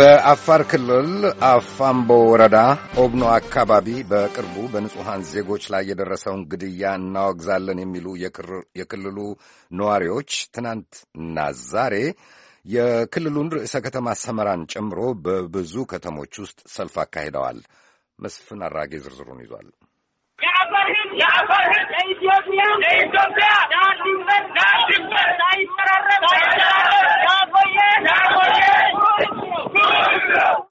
በአፋር ክልል አፋምቦ ወረዳ ኦብኖ አካባቢ በቅርቡ በንጹሐን ዜጎች ላይ የደረሰውን ግድያ እናወግዛለን የሚሉ የክልሉ ነዋሪዎች ትናንትና ዛሬ የክልሉን ርዕሰ ከተማ ሰመራን ጨምሮ በብዙ ከተሞች ውስጥ ሰልፍ አካሂደዋል። መስፍን አራጌ ዝርዝሩን ይዟል። ህዝብ፣ የአፋር ለኢትዮጵያ ለኢትዮጵያ ዳንዲበት ዳንዲበት ሳይፈራረቅ ሳይፈራረቅ ያቆየ ያቆየ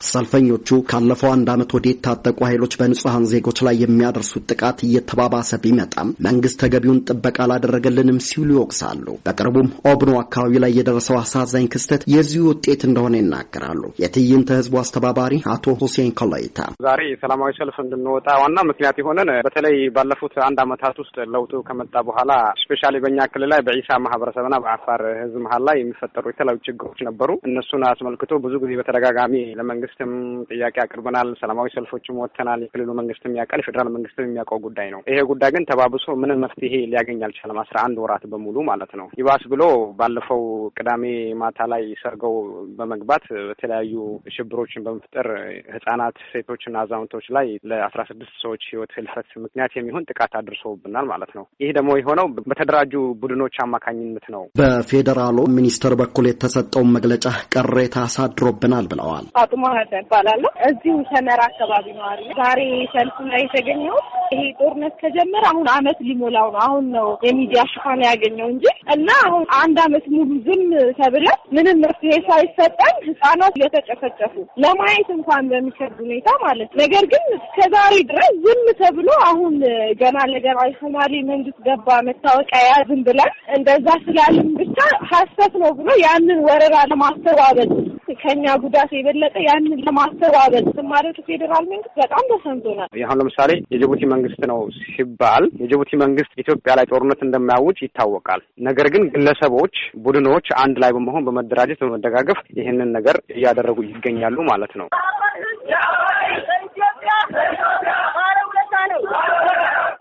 ሰልፈኞቹ ካለፈው አንድ ዓመት ወዲህ የታጠቁ ኃይሎች በንጹሐን ዜጎች ላይ የሚያደርሱት ጥቃት እየተባባሰ ቢመጣም መንግስት ተገቢውን ጥበቃ አላደረገልንም ሲሉ ይወቅሳሉ። በቅርቡም ኦብኖ አካባቢ ላይ የደረሰው አሳዛኝ ክስተት የዚሁ ውጤት እንደሆነ ይናገራሉ። የትዕይንተ ህዝቡ አስተባባሪ አቶ ሁሴን ኮሎይታ ዛሬ ሰላማዊ ሰልፍ እንድንወጣ ዋና ምክንያት የሆነን በተለይ ባለፉት አንድ ዓመታት ውስጥ ለውጡ ከመጣ በኋላ ስፔሻሊ በእኛ ክልል ላይ በኢሳ ማህበረሰብና በአፋር ህዝብ መሀል ላይ የሚፈጠሩ የተለያዩ ችግሮች ነበሩ። እነሱን አስመልክቶ ብዙ ጊዜ በተደጋጋሚ ለመንግስት መንግስትም ጥያቄ አቅርበናል። ሰላማዊ ሰልፎችም ወጥተናል። የክልሉ መንግስትም ያውቃል፣ የፌዴራል መንግስትም የሚያውቀው ጉዳይ ነው። ይሄ ጉዳይ ግን ተባብሶ ምንም መፍትሄ ሊያገኝ አልቻለም። አስራ አንድ ወራት በሙሉ ማለት ነው። ይባስ ብሎ ባለፈው ቅዳሜ ማታ ላይ ሰርገው በመግባት በተለያዩ ሽብሮችን በመፍጠር ህጻናት፣ ሴቶችና አዛውንቶች ላይ ለአስራ ስድስት ሰዎች ህይወት ህልፈት ምክንያት የሚሆን ጥቃት አድርሰውብናል ማለት ነው። ይህ ደግሞ የሆነው በተደራጁ ቡድኖች አማካኝነት ነው። በፌዴራሉ ሚኒስትር በኩል የተሰጠውን መግለጫ ቅሬታ አሳድሮብናል ብለዋል። አቅሟ ተዋህደ እባላለሁ። እዚሁ ሰመራ አካባቢ ነዋሪ። ዛሬ ሰልፍ ላይ የተገኘው ይሄ ጦርነት ከጀመረ አሁን አመት ሊሞላው ነው። አሁን ነው የሚዲያ ሽፋን ያገኘው እንጂ እና አሁን አንድ አመት ሙሉ ዝም ተብለን ምንም መፍትሄ ሳይሰጠን ህጻናት እየተጨፈጨፉ ለማየት እንኳን በሚከብድ ሁኔታ ማለት ነው። ነገር ግን ከዛሬ ድረስ ዝም ተብሎ አሁን ገና ለገና የሶማሌ መንግስት ገባ መታወቂያ ያዝን ብለን እንደዛ ስላልን ብቻ ሀሰት ነው ብሎ ያንን ወረራ ለማስተባበል ከኛ ጉዳት የበለጠ ያንን ለማስተባበል ስማደቱ ፌዴራል መንግስት በጣም ተሰምቶናል። አሁን ለምሳሌ የጅቡቲ መንግስት ነው ሲባል የጅቡቲ መንግስት ኢትዮጵያ ላይ ጦርነት እንደማያውጭ ይታወቃል። ነገር ግን ግለሰቦች፣ ቡድኖች አንድ ላይ በመሆን በመደራጀት በመደጋገፍ ይህንን ነገር እያደረጉ ይገኛሉ ማለት ነው።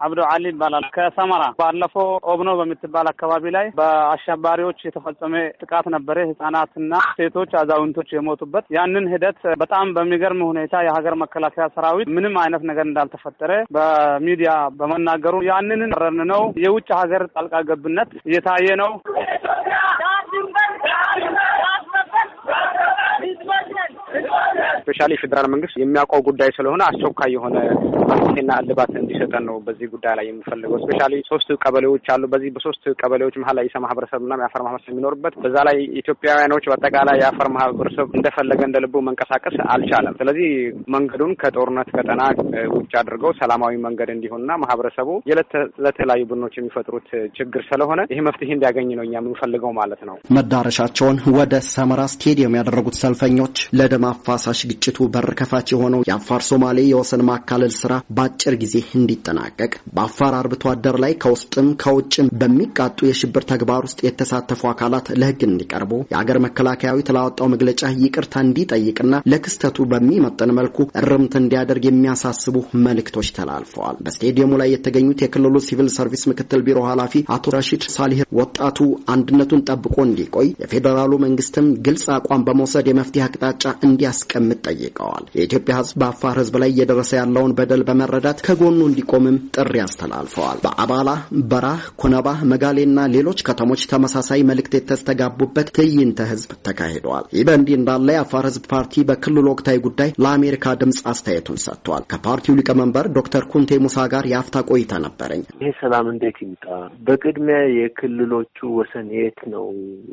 አብዶ አሊ ይባላል። ከሰመራ ባለፈው ኦብኖ በምትባል አካባቢ ላይ በአሸባሪዎች የተፈጸመ ጥቃት ነበረ። ህጻናትና ሴቶች፣ አዛውንቶች የሞቱበት ያንን ሂደት በጣም በሚገርም ሁኔታ የሀገር መከላከያ ሰራዊት ምንም አይነት ነገር እንዳልተፈጠረ በሚዲያ በመናገሩ ያንን ረን ነው የውጭ ሀገር ጣልቃ ገብነት እየታየ ነው። ስፔሻሊ ፌዴራል መንግስት የሚያውቀው ጉዳይ ስለሆነ አስቸኳይ የሆነ መፍትሄና እልባት እንዲሰጠን ነው በዚህ ጉዳይ ላይ የምፈልገው። ስፔሻሊ ሶስት ቀበሌዎች አሉ። በዚህ በሶስት ቀበሌዎች መሀል የኢሳ ማህበረሰብ እና የአፈር ማህበረሰብ የሚኖርበት በዛ ላይ ኢትዮጵያውያኖች በአጠቃላይ የአፈር ማህበረሰብ እንደፈለገ እንደ ልቡ መንቀሳቀስ አልቻለም። ስለዚህ መንገዱን ከጦርነት ቀጠና ውጭ አድርገው ሰላማዊ መንገድ እንዲሆንና ማህበረሰቡ የዕለት ለተለያዩ ቡድኖች የሚፈጥሩት ችግር ስለሆነ ይህ መፍትሄ እንዲያገኝ ነው እኛ የምንፈልገው ማለት ነው። መዳረሻቸውን ወደ ሰመራ ስቴዲየም ያደረጉት ሰልፈኞች ለደም አፋሳሽ ግጭቱ በር ከፋች የሆነው የአፋር ሶማሌ የወሰን ማካለል ስራ በአጭር ጊዜ እንዲጠናቀቅ በአፋር አርብቶ አደር ላይ ከውስጥም ከውጭም በሚቃጡ የሽብር ተግባር ውስጥ የተሳተፉ አካላት ለህግ እንዲቀርቡ የአገር መከላከያዊት ላወጣው መግለጫ ይቅርታ እንዲጠይቅና ለክስተቱ በሚመጠን መልኩ እርምት እንዲያደርግ የሚያሳስቡ መልእክቶች ተላልፈዋል። በስቴዲየሙ ላይ የተገኙት የክልሉ ሲቪል ሰርቪስ ምክትል ቢሮ ኃላፊ አቶ ራሺድ ሳሊህ ወጣቱ አንድነቱን ጠብቆ እንዲቆይ የፌዴራሉ መንግስትም ግልጽ አቋም በመውሰድ የመፍትሄ አቅጣጫ እንዲያስቀምጥ ጠይቀዋል። የኢትዮጵያ ሕዝብ በአፋር ሕዝብ ላይ እየደረሰ ያለውን በደል በመረዳት ከጎኑ እንዲቆምም ጥሪ አስተላልፈዋል። በአባላ፣ በራህ፣ ኩነባ፣ መጋሌና ሌሎች ከተሞች ተመሳሳይ መልእክት የተስተጋቡበት ትዕይንተ ህዝብ ተካሂደዋል። ይህ በእንዲህ እንዳለ የአፋር ሕዝብ ፓርቲ በክልሉ ወቅታዊ ጉዳይ ለአሜሪካ ድምፅ አስተያየቱን ሰጥቷል። ከፓርቲው ሊቀመንበር ዶክተር ኩንቴ ሙሳ ጋር የአፍታ ቆይታ ነበረኝ። ይህ ሰላም እንዴት ይምጣ? በቅድሚያ የክልሎቹ ወሰን የት ነው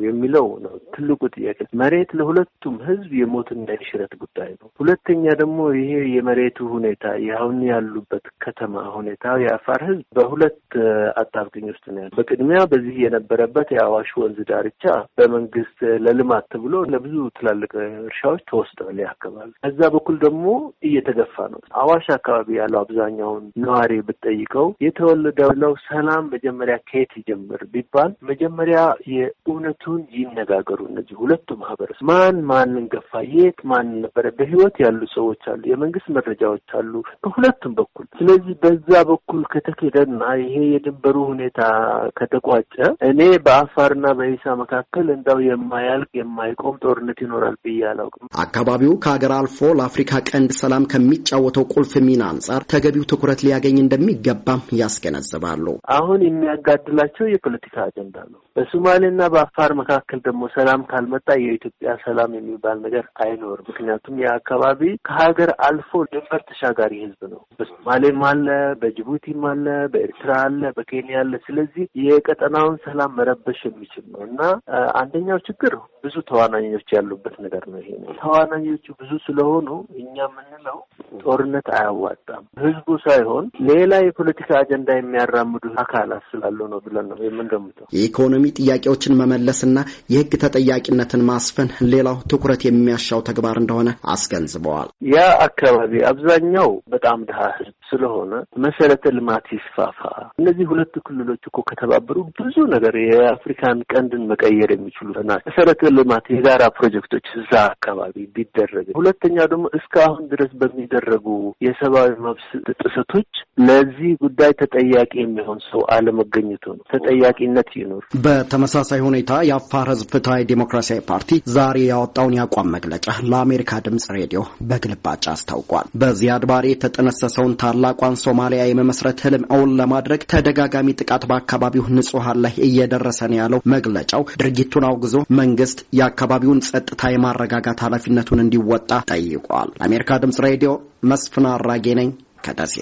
የሚለው ነው ትልቁ ጥያቄ። መሬት ለሁለቱም ሕዝብ የሞትና የሽረት ጉዳይ ጉዳይ ነው። ሁለተኛ ደግሞ ይሄ የመሬቱ ሁኔታ አሁን ያሉበት ከተማ ሁኔታ የአፋር ህዝብ በሁለት አጣብቅኝ ውስጥ ነው ያለ። በቅድሚያ በዚህ የነበረበት የአዋሽ ወንዝ ዳርቻ በመንግስት ለልማት ተብሎ ለብዙ ትላልቅ እርሻዎች ተወስዷል። ያከባቢ ከዛ በኩል ደግሞ እየተገፋ ነው። አዋሽ አካባቢ ያለው አብዛኛውን ነዋሪ ብትጠይቀው የተወለደው ሰላም መጀመሪያ ከየት ይጀምር ቢባል መጀመሪያ የእውነቱን ይነጋገሩ እነዚህ ሁለቱ ማህበረሰብ ማን ማንን ገፋ፣ የት ማን ነበረ በህይወት ያሉ ሰዎች አሉ፣ የመንግስት መረጃዎች አሉ በሁለቱም በኩል። ስለዚህ በዛ በኩል ከተኬደና ይሄ የድንበሩ ሁኔታ ከተቋጨ እኔ በአፋርና በሂሳ መካከል እንዳው የማያልቅ የማይቆም ጦርነት ይኖራል ብዬ አላውቅም። አካባቢው ከሀገር አልፎ ለአፍሪካ ቀንድ ሰላም ከሚጫወተው ቁልፍ ሚና አንጻር ተገቢው ትኩረት ሊያገኝ እንደሚገባም ያስገነዝባሉ። አሁን የሚያጋድላቸው የፖለቲካ አጀንዳ ነው። በሶማሌና በአፋር መካከል ደግሞ ሰላም ካልመጣ የኢትዮጵያ ሰላም የሚባል ነገር አይኖርም። ምክንያቱም ይህ አካባቢ ከሀገር አልፎ ድንበር ተሻጋሪ ህዝብ ነው። በሶማሌም አለ፣ በጅቡቲም አለ፣ በኤርትራ አለ፣ በኬንያ አለ። ስለዚህ የቀጠናውን ሰላም መረበሽ የሚችል ነው እና አንደኛው ችግር ብዙ ተዋናኞች ያሉበት ነገር ነው። ይሄ ተዋናኞቹ ብዙ ስለሆኑ እኛ የምንለው ጦርነት አያዋጣም። ህዝቡ ሳይሆን ሌላ የፖለቲካ አጀንዳ የሚያራምዱ አካላት ስላሉ ነው ብለን ነው የምንገምተው። የኢኮኖሚ ጥያቄዎችን መመለስና የህግ ተጠያቂነትን ማስፈን ሌላው ትኩረት የሚያሻው ተግባር እንደሆነ አስገንዝበዋል። ያ አካባቢ አብዛኛው በጣም ድሀ ህዝብ ስለሆነ መሰረተ ልማት ይስፋፋ። እነዚህ ሁለቱ ክልሎች እኮ ከተባበሩ ብዙ ነገር የአፍሪካን ቀንድን መቀየር የሚችሉ ናቸው። መሰረተ ልማት የጋራ ፕሮጀክቶች እዛ አካባቢ ቢደረግ፣ ሁለተኛ ደግሞ እስካሁን ድረስ በሚደረጉ የሰብአዊ መብት ጥሰቶች ለዚህ ጉዳይ ተጠያቂ የሚሆን ሰው አለመገኘቱ ነው። ተጠያቂነት ይኑር። በተመሳሳይ ሁኔታ የአፋር ህዝብ ፍትሀዊ ዴሞክራሲያዊ ፓርቲ ዛሬ ያወጣውን የአቋም መግለጫ ለአሜሪካ ድምጽ ሬዲዮ በግልባጭ አስታውቋል። በዚያድ ባሬ የተጠነሰሰውን ታላቋን ሶማሊያ የመመስረት ህልም እውን ለማድረግ ተደጋጋሚ ጥቃት በአካባቢው ንጹሐን ላይ እየደረሰ ነው ያለው መግለጫው ድርጊቱን አውግዞ መንግስት የአካባቢውን ጸጥታ የማረጋጋት ኃላፊነቱን እንዲወጣ ጠይቋል። ለአሜሪካ ድምጽ ሬዲዮ መስፍን አራጌ ነኝ ከደሴ።